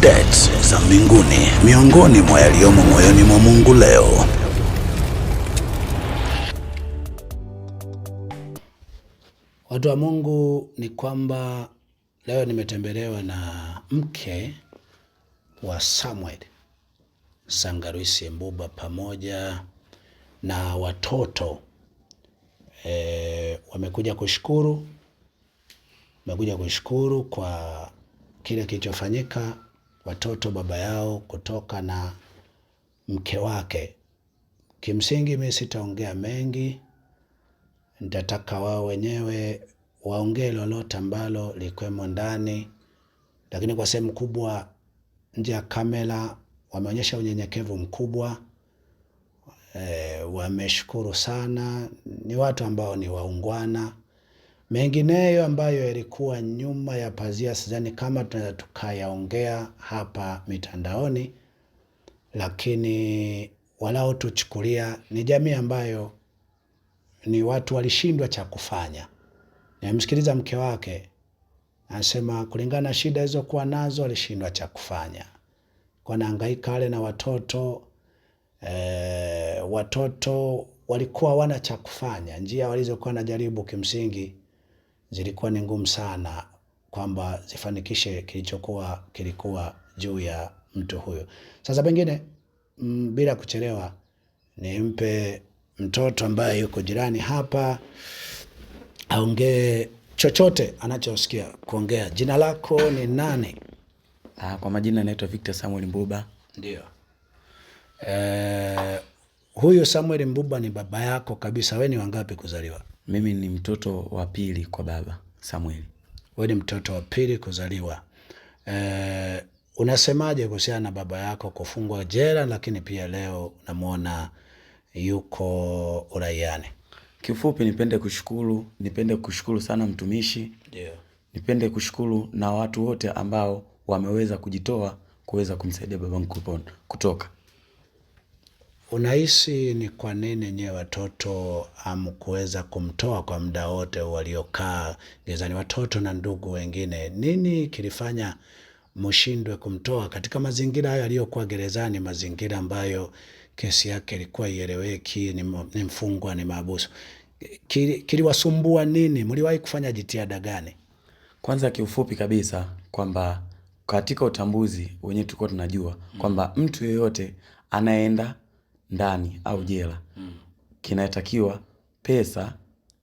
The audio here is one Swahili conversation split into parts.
updates za mbinguni miongoni mwa yaliyomo moyoni mwa Mungu leo. Watu wa Mungu, ni kwamba leo nimetembelewa na mke wa Samuel Sangaruisi Mbuba pamoja na watoto e, wamekuja kushukuru wamekuja kushukuru kwa kile kilichofanyika watoto baba yao kutoka na mke wake. Kimsingi mimi sitaongea mengi, nitataka wao wenyewe waongee lolote ambalo likwemo ndani, lakini kwa sehemu kubwa nje ya kamera wameonyesha unyenyekevu mkubwa. E, wameshukuru sana. Ni watu ambao ni waungwana. Mengineyo ambayo yalikuwa nyuma ya pazia sidhani kama tunaweza tukayaongea hapa mitandaoni, lakini wanaotuchukulia ni jamii ambayo ni watu walishindwa cha kufanya. Nimemsikiliza mke wake anasema kulingana na shida alizokuwa nazo alishindwa cha kufanya, kwa nahangaika wale na watoto e, watoto walikuwa wana cha kufanya, njia walizokuwa najaribu kimsingi zilikuwa ni ngumu sana kwamba zifanikishe kilichokuwa kilikuwa juu ya mtu huyo. Sasa pengine mm, bila kuchelewa, nimpe mtoto ambaye yuko jirani hapa aongee chochote anachosikia kuongea. Jina lako ni nani? Ah, kwa majina naitwa Victor Samuel Mbuba. Ndio. Eh, huyu Samuel Mbuba ni baba yako kabisa. Wewe ni wangapi kuzaliwa? Mimi ni mtoto wa pili kwa baba Samueli. Wewe ni mtoto wa pili kuzaliwa. E, unasemaje kuhusiana na baba yako kufungwa jela, lakini pia leo unamwona yuko uraiani? Kifupi, nipende kushukuru, nipende kushukuru sana mtumishi yeah. Nipende kushukuru na watu wote ambao wameweza kujitoa kuweza kumsaidia babangu kutoka Unahisi ni kwa nini nyewe watoto amkuweza kumtoa kwa muda wote waliokaa gerezani, watoto na ndugu wengine? Nini kilifanya mshindwe kumtoa katika mazingira hayo aliyokuwa gerezani, mazingira ambayo kesi yake ilikuwa ieleweki, ni mfungwa, ni mahabusu? Kiliwasumbua nini? Mliwahi kufanya jitihada gani? Kwanza kiufupi kabisa kwamba katika utambuzi wenyewe tulikuwa tunajua kwamba mtu yeyote anaenda ndani au jela mm. kinatakiwa pesa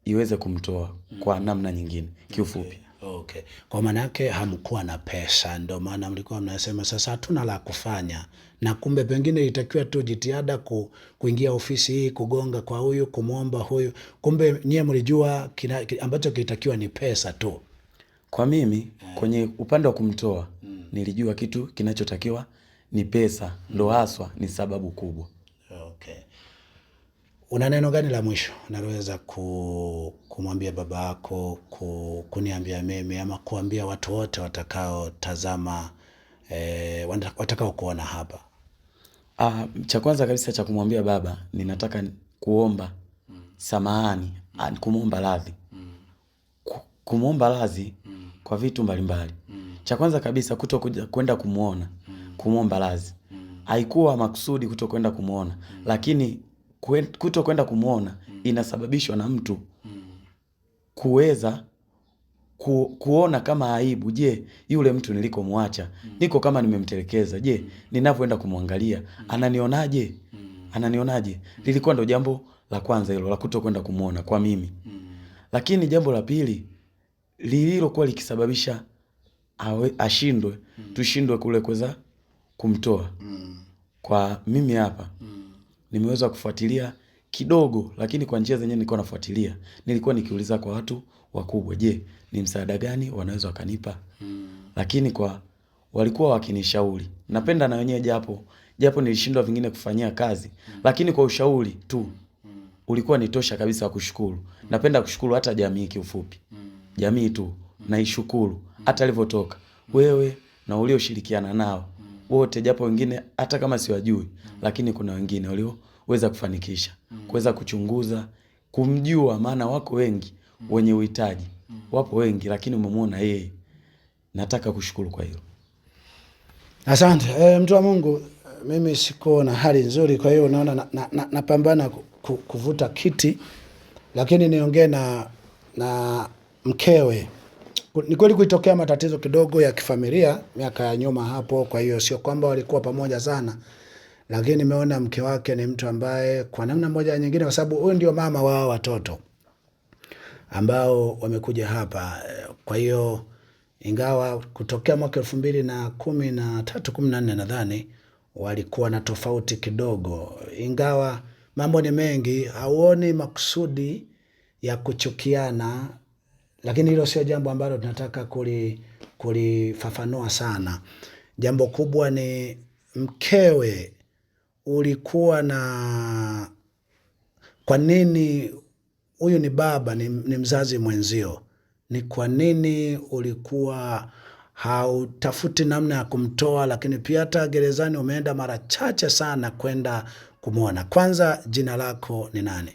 iweze kumtoa mm. kwa namna nyingine kiufupi. Okay. Okay. Kwa maana yake hamkuwa na pesa, ndio maana mlikuwa mnasema sasa hatuna la kufanya, na kumbe pengine itakiwa tu jitihada ku, kuingia ofisi hii kugonga kwa huyu kumwomba huyu, kumbe nyie mlijua kina, ambacho kilitakiwa ni pesa tu. Kwa mimi eh. kwenye upande wa kumtoa mm. nilijua kitu kinachotakiwa ni pesa, ndo mm. haswa ni sababu kubwa. Una neno gani la mwisho unaloweza kumwambia baba yako, kuniambia mimi, ama kuambia watu wote watakaotazama e, eh, watakao kuona hapa? Ah, cha kwanza kabisa cha kumwambia baba, ninataka kuomba mm. samahani mm. kumwomba radhi mm. kumwomba radhi mm. kwa vitu mbalimbali mm. cha kwanza kabisa kuto kwenda kumwona mm. kumwomba radhi mm. haikuwa makusudi kuto kwenda kumwona mm. lakini kuto kwenda kumwona mm. inasababishwa na mtu mm. kuweza ku, kuona kama aibu. Je, yule mtu nilikomwacha mm. niko kama nimemtelekeza? Je, mm. ninavyoenda kumwangalia mm. ananionaje? mm. ananionaje? mm. lilikuwa ndo jambo la kwanza hilo la kuto kwenda kumwona kwa mimi mm. lakini jambo la pili lililokuwa likisababisha awe, ashindwe mm. tushindwe kule kuweza kumtoa mm. kwa mimi hapa mm nimeweza kufuatilia kidogo, lakini kwa njia zenyewe nilikuwa nafuatilia, nilikuwa nikiuliza kwa watu wakubwa, je, ni msaada gani wanaweza wakanipa? hmm. Lakini kwa walikuwa wakinishauri, napenda na wenyewe japo japo nilishindwa vingine kufanyia kazi hmm. lakini kwa ushauri tu hmm. ulikuwa ni tosha kabisa wa kushukuru hmm. napenda kushukuru hata jamii, kiufupi hmm. jamii tu hmm. naishukuru hmm. hata alivyotoka hmm. wewe na ulioshirikiana nao hmm wote, japo wengine hata kama siwajui mm. lakini kuna wengine walioweza kufanikisha mm. kuweza kuchunguza, kumjua, maana wako wengi mm. wenye uhitaji mm. wapo wengi, lakini umemwona yeye. Nataka kushukuru kwa hilo. Asante e, mtu wa Mungu, mimi siko na hali nzuri, kwa hiyo naona napambana na, na, na kuvuta kiti, lakini niongee na, na mkewe ni kweli kulitokea matatizo kidogo ya kifamilia miaka ya nyuma hapo, kwa hiyo sio kwamba walikuwa pamoja sana, lakini nimeona mke wake ni mtu ambaye kwa namna moja nyingine, kwa sababu huyu ndio mama wao watoto ambao wamekuja hapa. Kwa hiyo ingawa kutokea mwaka elfu mbili na kumi na tatu kumi na nne nadhani walikuwa na tofauti kidogo, ingawa mambo ni mengi, hauoni makusudi ya kuchukiana lakini hilo sio jambo ambalo tunataka kulifafanua sana. Jambo kubwa ni mkewe, ulikuwa na kwa nini? Huyu ni baba, ni, ni mzazi mwenzio, ni kwa nini ulikuwa hautafuti namna ya kumtoa? Lakini pia hata gerezani umeenda mara chache sana kwenda kumwona. Kwanza, jina lako ni nani?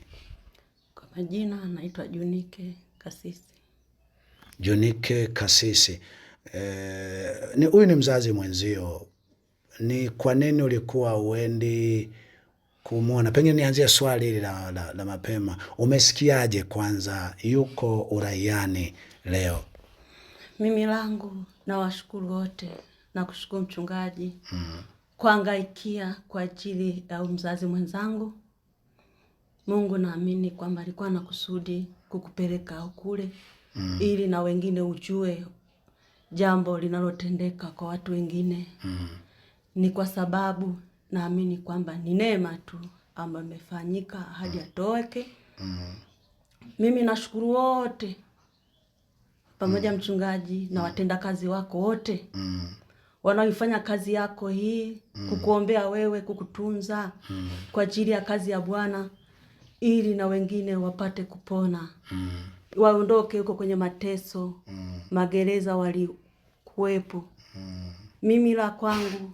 Kwa majina anaitwa Junike Kasisi. Jonike Kasisi. Eh, huyu ni mzazi mwenzio, ni kwa nini ulikuwa uendi kumwona? Pengine nianzie swali hili la, la, la mapema. Umesikiaje kwanza yuko uraiani leo? Mimi langu nawashukuru wote, nakushukuru mchungaji mm. kuangaikia kwa ajili ya mzazi mwenzangu. Mungu naamini kwamba alikuwa na kusudi kukupeleka kule mm. ili na wengine ujue jambo linalotendeka kwa watu wengine mm. ni kwa sababu naamini kwamba ni neema tu ambayo imefanyika hadi mm. atoweke mm. Mimi nashukuru wote pamoja mm. mchungaji na mm. watendakazi wako wote mm. wanaoifanya kazi yako hii mm. kukuombea wewe, kukutunza mm. kwa ajili ya kazi ya Bwana ili na wengine wapate kupona mm waondoke huko kwenye mateso mm. magereza walikuwepo mm. mimi la kwangu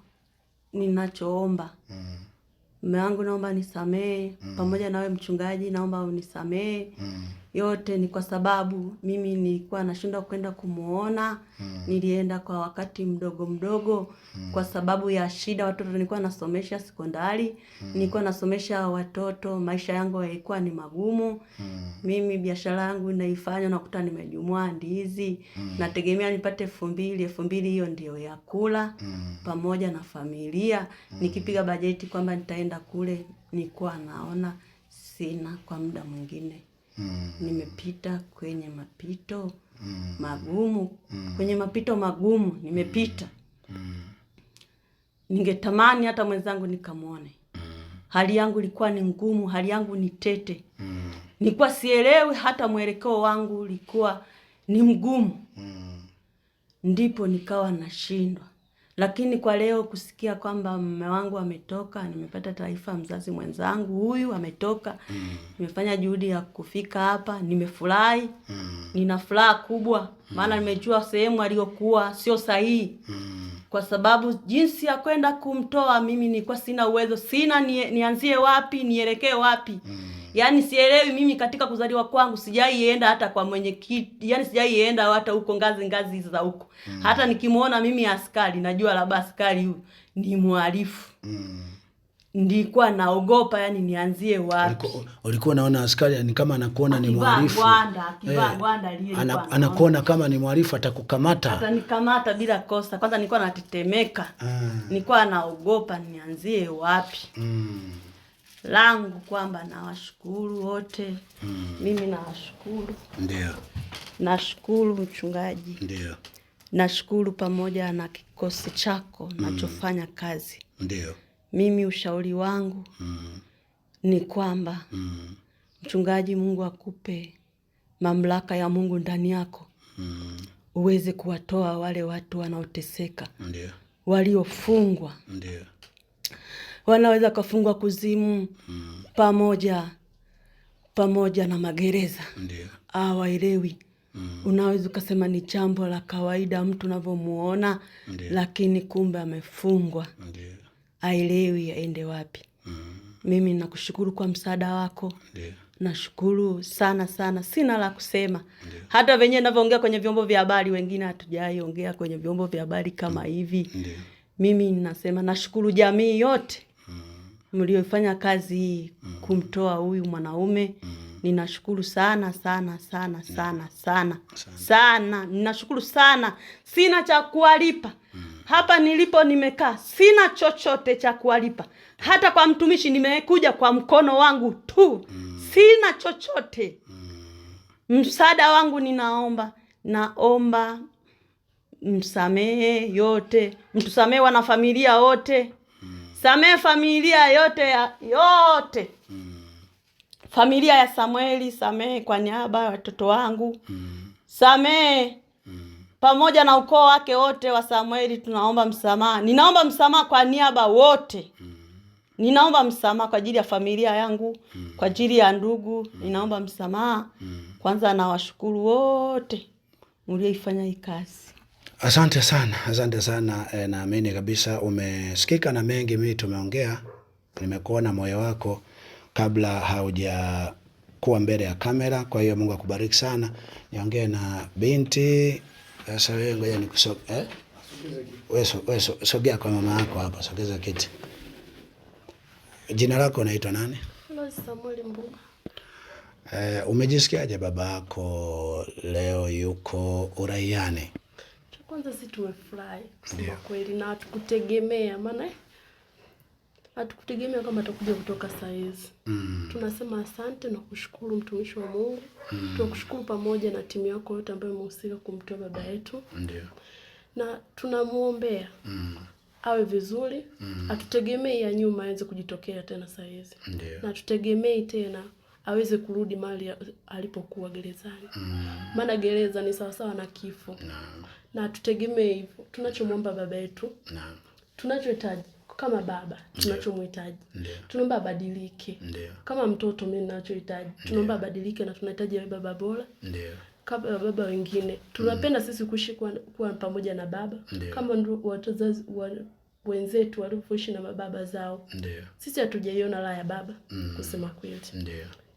ninachoomba mm. wangu, naomba nisamehe mm. pamoja nawe mchungaji, naomba unisamehe mm yote ni kwa sababu mimi nilikuwa nashindwa kwenda kumwona mm. Nilienda kwa wakati mdogo mdogo mm. kwa sababu ya shida. Watoto nilikuwa nasomesha sekondari mm. nilikuwa nasomesha watoto, maisha yangu yalikuwa ni magumu mm. Mimi biashara yangu naifanya, nakuta nimejumua ndizi mm. nategemea nipate elfu mbili elfu mbili hiyo ndio ya kula mm. pamoja na familia mm. nikipiga bajeti kwamba nitaenda kule, nilikuwa naona sina kwa muda mwingine mm. nimepita kwenye mapito mm. magumu mm. kwenye mapito magumu nimepita mm. mm. ningetamani hata mwenzangu nikamwone mm. hali yangu ilikuwa ni ngumu, hali yangu ni tete mm. nilikuwa sielewi hata mwelekeo wangu ulikuwa ni mgumu mm. ndipo nikawa nashindwa lakini kwa leo kusikia kwamba mume wangu ametoka, nimepata taarifa mzazi mwenzangu huyu ametoka mm. Nimefanya juhudi ya kufika hapa, nimefurahi mm. Nina furaha kubwa maana mm. nimejua sehemu aliyokuwa sio sahihi mm. Kwa sababu jinsi ya kwenda kumtoa mimi nilikuwa sina uwezo, sina nianzie wapi nielekee wapi mm. Yaani sielewi mimi katika kuzaliwa kwangu sijaienda hata kwa mwenyekiti. Yaani sijaienda hata huko ngazi ngazi hizo za huko. Mm. Hata nikimuona mimi askari najua labda askari huyu ni mhalifu. Mm. Nilikuwa naogopa yani nianzie wapi. Ulikuwa unaona askari ni kama anakuona ni mhalifu. Eh, ana, anakuona kama ni mhalifu atakukamata. Atanikamata bila kosa. Kwanza nilikuwa natetemeka. Mm. Ah. Nilikuwa naogopa nianzie wapi. Mm langu kwamba nawashukuru wote mm. Mimi nawashukuru ndio, nashukuru mchungaji ndio, nashukuru pamoja na kikosi chako mm. nachofanya kazi ndio. Mimi ushauri wangu mm. ni kwamba mm. mchungaji, Mungu akupe mamlaka ya Mungu ndani yako mm. uweze kuwatoa wale watu wanaoteseka, ndio, waliofungwa, ndio wanaweza kafungwa kuzimu mm. pamoja pamoja na magereza awaelewi mm. Unaweza ukasema ni jambo la kawaida mtu unavyomuona, lakini kumbe amefungwa, aelewi aende wapi mm. Mimi nakushukuru kwa msaada wako Ndiyo. Nashukuru sana sana, sina la kusema Ndiyo. Hata venyewe navyoongea kwenye vyombo vya habari, wengine hatujaiongea kwenye vyombo vya habari kama mm. hivi Ndiyo. Mimi nasema nashukuru jamii yote mliofanya kazi hii mm. kumtoa huyu mwanaume mm. ninashukuru sana sana sana mm. sana sana sana, sana. ninashukuru sana, sina cha kuwalipa mm. hapa nilipo nimekaa, sina chochote cha kuwalipa, hata kwa mtumishi nimekuja kwa mkono wangu tu mm. sina chochote mm. msaada wangu ninaomba, naomba msamehe yote, mtusamehe wanafamilia wote samehe familia yote ya yote mm. familia ya Samueli samehe kwa niaba ya watoto wangu mm. samehe mm. pamoja na ukoo wake wote wa Samueli, tunaomba msamaha. Ninaomba msamaha kwa niaba wote mm. Ninaomba msamaha kwa ajili ya familia yangu mm. kwa ajili ya ndugu mm. ninaomba msamaha mm. Kwanza nawashukuru wote mlioifanya hii kazi. Asante sana, asante sana. E, naamini kabisa umesikika na mengi mimi tumeongea. Nimekuona moyo wako kabla hauja kuwa mbele ya kamera, kwa hiyo Mungu akubariki sana. Niongee na binti eh, sasa. Wewe ngoja nikusoge, eh? Wewe wewe sogea kwa mama yako hapa, sogeza kiti. Jina lako unaitwa nani? Samuel Mbuga. Eh, umejisikiaje baba yako leo yuko uraiani? kwanza si tumefurahi kusema yeah, kweli na hatukutegemea, maana hatukutegemea kama atakuja kutoka saa hizi mm. Tunasema asante na kushukuru mtumishi wa Mungu mm. Tunakushukuru pamoja na timu yako yote ambayo imehusika kumtoa baba yetu na tunamwombea mm awe vizuri mm. Atutegemei ya nyuma aweze kujitokea tena saa hizi Na tutegemei tena aweze kurudi mahali alipokuwa gerezani mm. Maana gereza ni sawasawa na kifo na tutegemee hivyo. Tunachomwomba baba yetu, tunachohitaji kama baba, tunachomhitaji tunaomba abadilike. Kama mtoto, mimi ninachohitaji tunaomba abadilike, na tunahitaji awe baba bora kama baba wengine. Tunapenda sisi kuishi kuwa, kuwa pamoja na baba Ndiyo. kama wazazi wenzetu walivyoishi na mababa zao Ndiyo. sisi hatujaiona raha ya baba mm. kusema kweli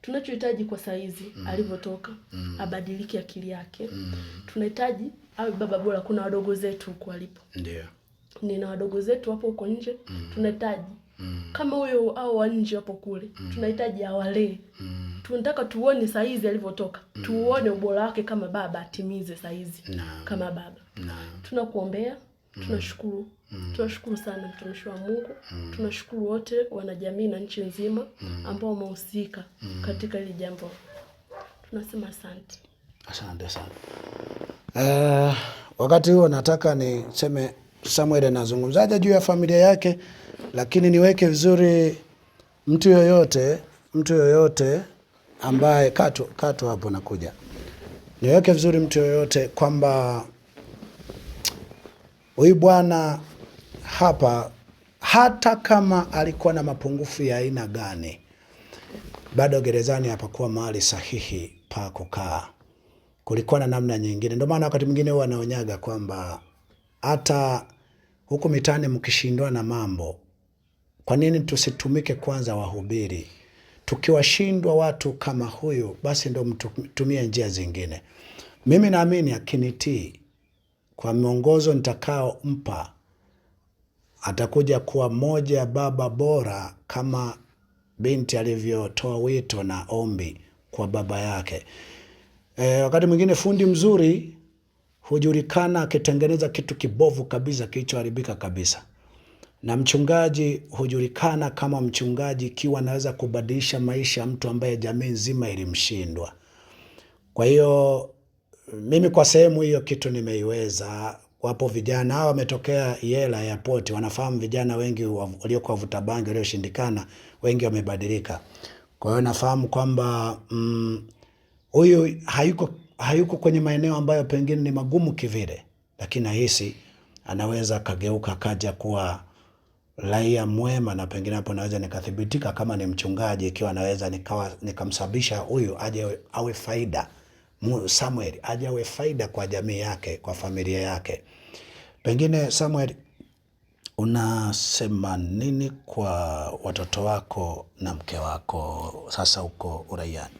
tunachohitaji kwa saizi mm. alivyotoka mm. abadilike akili yake mm. tunahitaji awe baba bora. Kuna wadogo zetu huko walipo, ndio nina wadogo zetu hapo huko nje mm. tunahitaji mm. kama huyo au wa nje hapo kule mm. tunahitaji awalee mm. tunataka tuone saizi alivyotoka mm. tuone ubora wake kama baba atimize saizi kama baba no. tunakuombea mm. tunashukuru mm. tunashukuru sana mtumishi wa Mungu mm. tunashukuru wote wanajamii na nchi nzima mm. ambao wamehusika mm. katika hili jambo, tunasema asante. Asante sana. Uh, wakati huo nataka niseme Samuel anazungumzaje juu ya familia yake, lakini niweke vizuri, mtu yoyote mtu yoyote ambaye katu katu hapo nakuja niweke vizuri, mtu yoyote kwamba huyu bwana hapa, hata kama alikuwa na mapungufu ya aina gani, bado gerezani hapakuwa mahali sahihi pa kukaa kulikuwa na namna nyingine. Ndio maana wakati mwingine huwa naonyaga kwamba hata huku mitaani mkishindwa na mambo, kwa nini tusitumike kwanza wahubiri? Tukiwashindwa watu kama huyu, basi ndio mtumie njia zingine. Mimi naamini akinitii kwa miongozo nitakaompa atakuja kuwa moja ya baba bora, kama binti alivyotoa wito na ombi kwa baba yake. E, wakati mwingine fundi mzuri hujulikana akitengeneza kitu kibovu kabisa kilichoharibika kabisa, na mchungaji hujulikana kama mchungaji ikiwa anaweza kubadilisha maisha ya mtu ambaye jamii nzima ilimshindwa. Kwa hiyo mimi kwa sehemu hiyo kitu nimeiweza. Wapo vijana hawa wametokea Yela Airport, wanafahamu vijana wengi walioko wavuta bangi walioshindikana, wengi wamebadilika. Kwa hiyo nafahamu kwamba mm, huyu hayuko, hayuko kwenye maeneo ambayo pengine ni magumu kivile, lakini nahisi anaweza akageuka akaja kuwa raia mwema, na pengine hapo naweza nikathibitika kama ni mchungaji, ikiwa naweza nikawa nikamsababisha huyu aje awe faida Samuel aje awe faida kwa jamii yake, kwa familia yake. Pengine Samuel, unasema nini kwa watoto wako na mke wako sasa uko uraiani?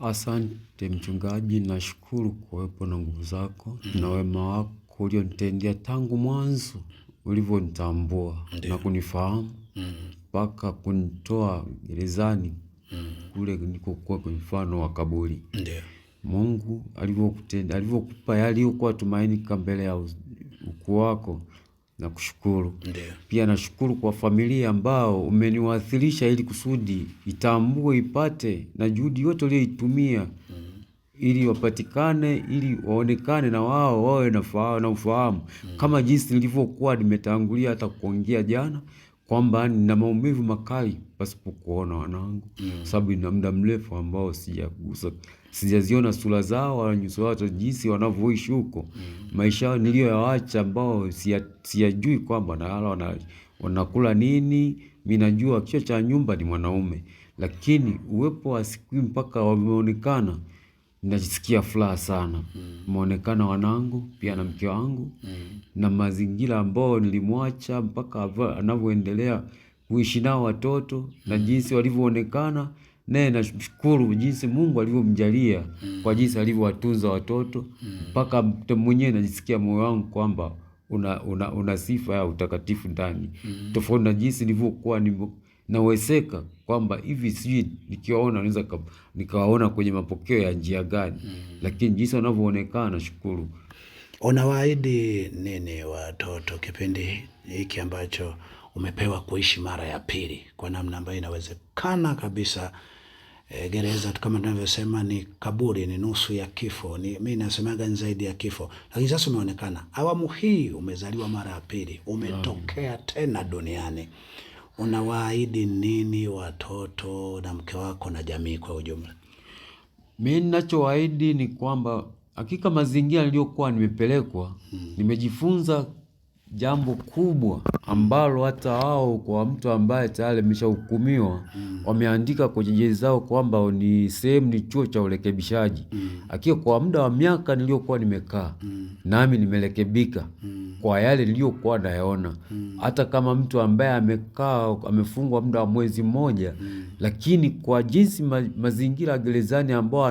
Asante mchungaji, nashukuru kuwepo na nguvu zako na wema wako uliontendea tangu mwanzo ulivyonitambua na kunifahamu mpaka kunitoa gerezani mm. kule nilikokuwa kwa mfano wa kaburi. Mungu alivyokutenda, alivyokupa yaliyokuwa tumaini mbele ya ukuu wako Nakushukuru. Ndiyo. Pia nashukuru kwa familia ambao umeniwathirisha ili kusudi itambue ipate na juhudi yote uliyoitumia mm-hmm. ili wapatikane ili waonekane na wao wawe na ufahamu mm. kama jinsi nilivyokuwa nimetangulia hata kuongea jana kwamba nina maumivu makali pasipo kuona wanangu mm. sababu ina muda mrefu ambao sijagusa sijaziona sura zao wala nyuso wao jinsi wanavyoishi huko mm. maisha yao niliyoyawacha ambao siyajui kwamba nalala wana, wanakula nini mi najua kichwa cha nyumba ni mwanaume lakini uwepo wa siku mpaka wameonekana najisikia furaha sana mm. maonekano wanangu pia na mke wangu mm. na mazingira ambao nilimwacha mpaka anavyoendelea kuishi nao watoto mm. na jinsi walivyoonekana naye, nashukuru jinsi Mungu alivyomjalia mm. kwa jinsi alivyowatunza watoto mm. mpaka mm. mwenyewe najisikia moyo wangu kwamba una, una, una sifa ya utakatifu ndani mm. tofauti na jinsi nilivyokuwa naweseka kwamba hivi sijui nikiwaona naweza nikawaona kwenye mapokeo ya njia gani mm. Lakini jinsi wanavyoonekana nashukuru. Unawaahidi nini watoto kipindi hiki ambacho umepewa kuishi mara ya pili kwa namna ambayo inawezekana kabisa? E, gereza kama tunavyosema ni kaburi, ni nusu ya kifo, ni mi nasemaga ni zaidi ya kifo. Lakini sasa umeonekana awamu hii, umezaliwa mara ya pili, umetokea tena duniani Unawaahidi nini watoto na mke wako na jamii kwa ujumla? Mimi ninachowaahidi ni kwamba hakika mazingira niliyokuwa nimepelekwa, hmm. nimejifunza jambo kubwa ambalo hata wao kwa mtu ambaye tayari ameshahukumiwa mm. wameandika kwenye jezi zao kwamba ni sehemu ni chuo cha urekebishaji mm. akiwa kwa muda wa miaka niliyokuwa nimekaa mm. nami nimerekebika mm. kwa yale niliyokuwa nayaona mm. hata kama mtu ambaye amekaa amefungwa muda wa mwezi mmoja mm. lakini kwa jinsi ma, mazingira ya gerezani ambao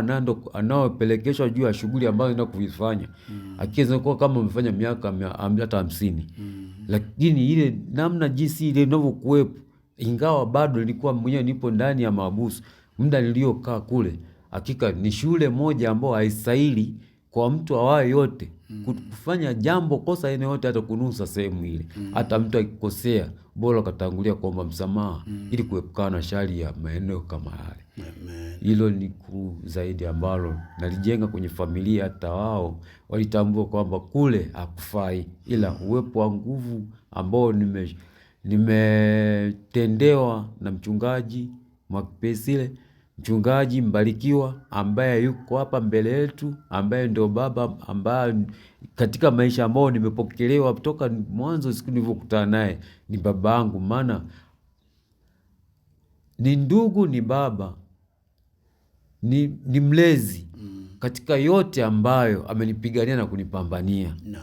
anaopelekeshwa juu ya shughuli ambazo enda kuifanya mm. akiwa kama amefanya miaka hata hamsini mm -hmm. Lakini ile namna jinsi ile inavyokuwepo, ingawa bado nilikuwa mwenyewe nipo ndani ya mahabusu muda niliokaa kule, hakika ni shule moja ambayo haistahili kwa mtu awaye yote mm -hmm. kufanya jambo kosa ene yote, hata kunusa sehemu ile mm -hmm. hata mtu akikosea bora katangulia kuomba msamaha mm -hmm. ili kuepukana na shari ya maeneo kama yale. Hilo ni kuu zaidi ambalo nalijenga kwenye familia, hata wao walitambua kwamba kule hakufai, ila uwepo wa nguvu ambao nimetendewa na mchungaji Mwakipesile, mchungaji Mbarikiwa ambaye yuko hapa mbele yetu, ambaye ndio baba ambaye katika maisha ambao nimepokelewa toka mwanzo, siku nilivyokutana naye ni baba yangu, maana ni ndugu, ni baba ni, ni mlezi mm. katika yote ambayo amenipigania na kunipambania na.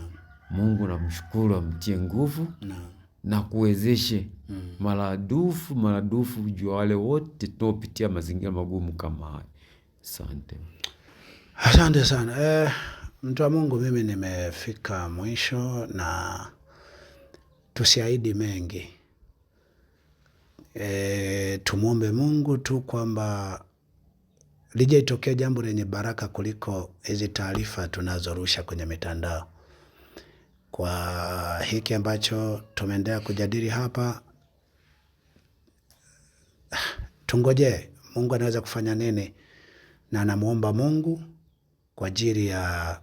Mungu namshukuru, amtie nguvu na, na kuwezeshe mm. maradufu maradufu juu ya wale wote tunaopitia mazingira magumu kama haya. Asante, asante sana eh, mtu wa Mungu, mimi nimefika mwisho na tusiahidi mengi. E, tumwombe Mungu tu kwamba itokea jambo lenye baraka kuliko hizi taarifa tunazorusha kwenye mitandao. Kwa hiki ambacho tumeendelea kujadili hapa, tungoje Mungu anaweza kufanya nini, na namuomba Mungu kwa ajili ya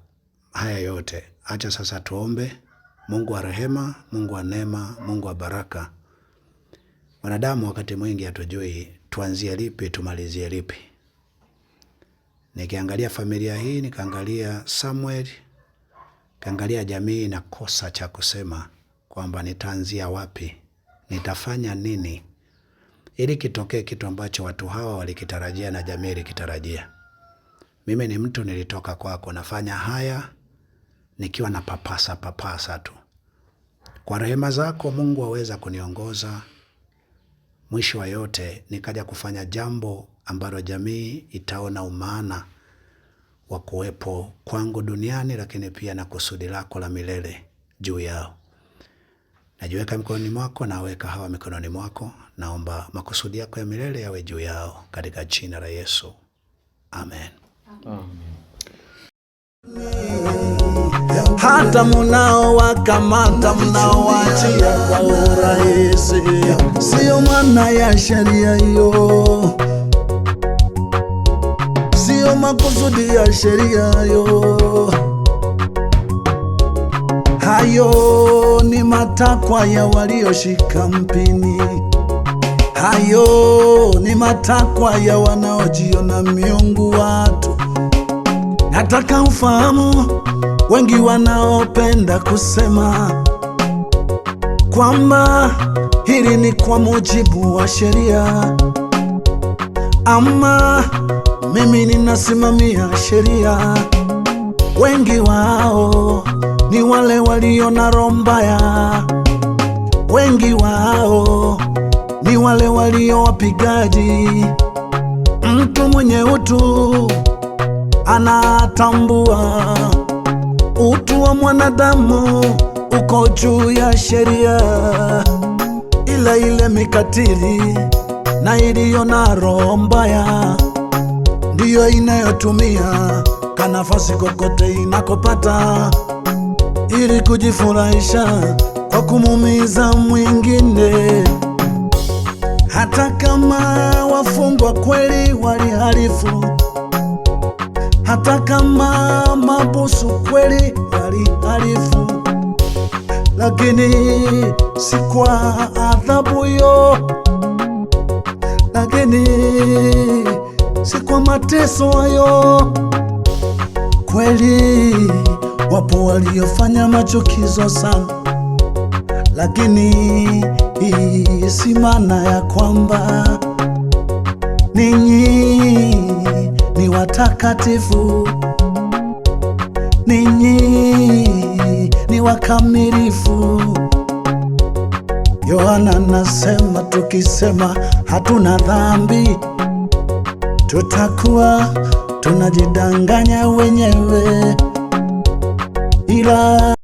haya yote. Acha sasa tuombe. Mungu wa rehema, Mungu wa neema, Mungu wa baraka. Wanadamu wakati mwingi hatujui tuanzie lipi tumalizie lipi. Nikiangalia familia hii, nikaangalia Samuel, kaangalia jamii, na kosa cha kusema kwamba nitaanzia wapi, nitafanya nini ili kitokee kitu ambacho watu hawa walikitarajia na jamii ilikitarajia. Mimi ni mtu nilitoka kwako, nafanya haya nikiwa na papasa papasa tu. Kwa rehema zako Mungu aweza kuniongoza mwisho wa yote nikaja kufanya jambo ambalo jamii itaona umaana wa kuwepo kwangu duniani, lakini pia na kusudi lako la milele juu yao. Najiweka mikononi mwako, naweka hawa mikononi mwako, naomba makusudi yako ya milele yawe juu yao katika jina la Yesu, amen, amen. Hata munao wakamata kwa urahisi, ya sheria hiyo makusudi ya sheria yo. Hayo ni matakwa ya walioshika mpini, hayo ni matakwa ya wanaojiona miungu watu. Nataka ufahamu wengi wanaopenda kusema kwamba hili ni kwa mujibu wa sheria ama mimi ninasimamia sheria. Wengi wao ni wale walio na roho mbaya, wengi wao ni wale walio wapigaji. Mtu mwenye utu anatambua utu wa mwanadamu uko juu ya sheria, ila ile mikatili na iliyo na roho mbaya ndiyo inayotumia kanafasi kokote inakopata ili kujifurahisha kwa kumumiza mwingine, hata kama wafungwa kweli waliharifu hata kama mabusu kweli waliharifu lakini si kwa adhabu yo, lakini si kwa mateso hayo. Kweli wapo waliofanya machukizo sana, lakini hii si maana ya kwamba ninyi ni watakatifu, ninyi ni wakamilifu. Yohana anasema tukisema hatuna dhambi tutakuwa tunajidanganya wenyewe ila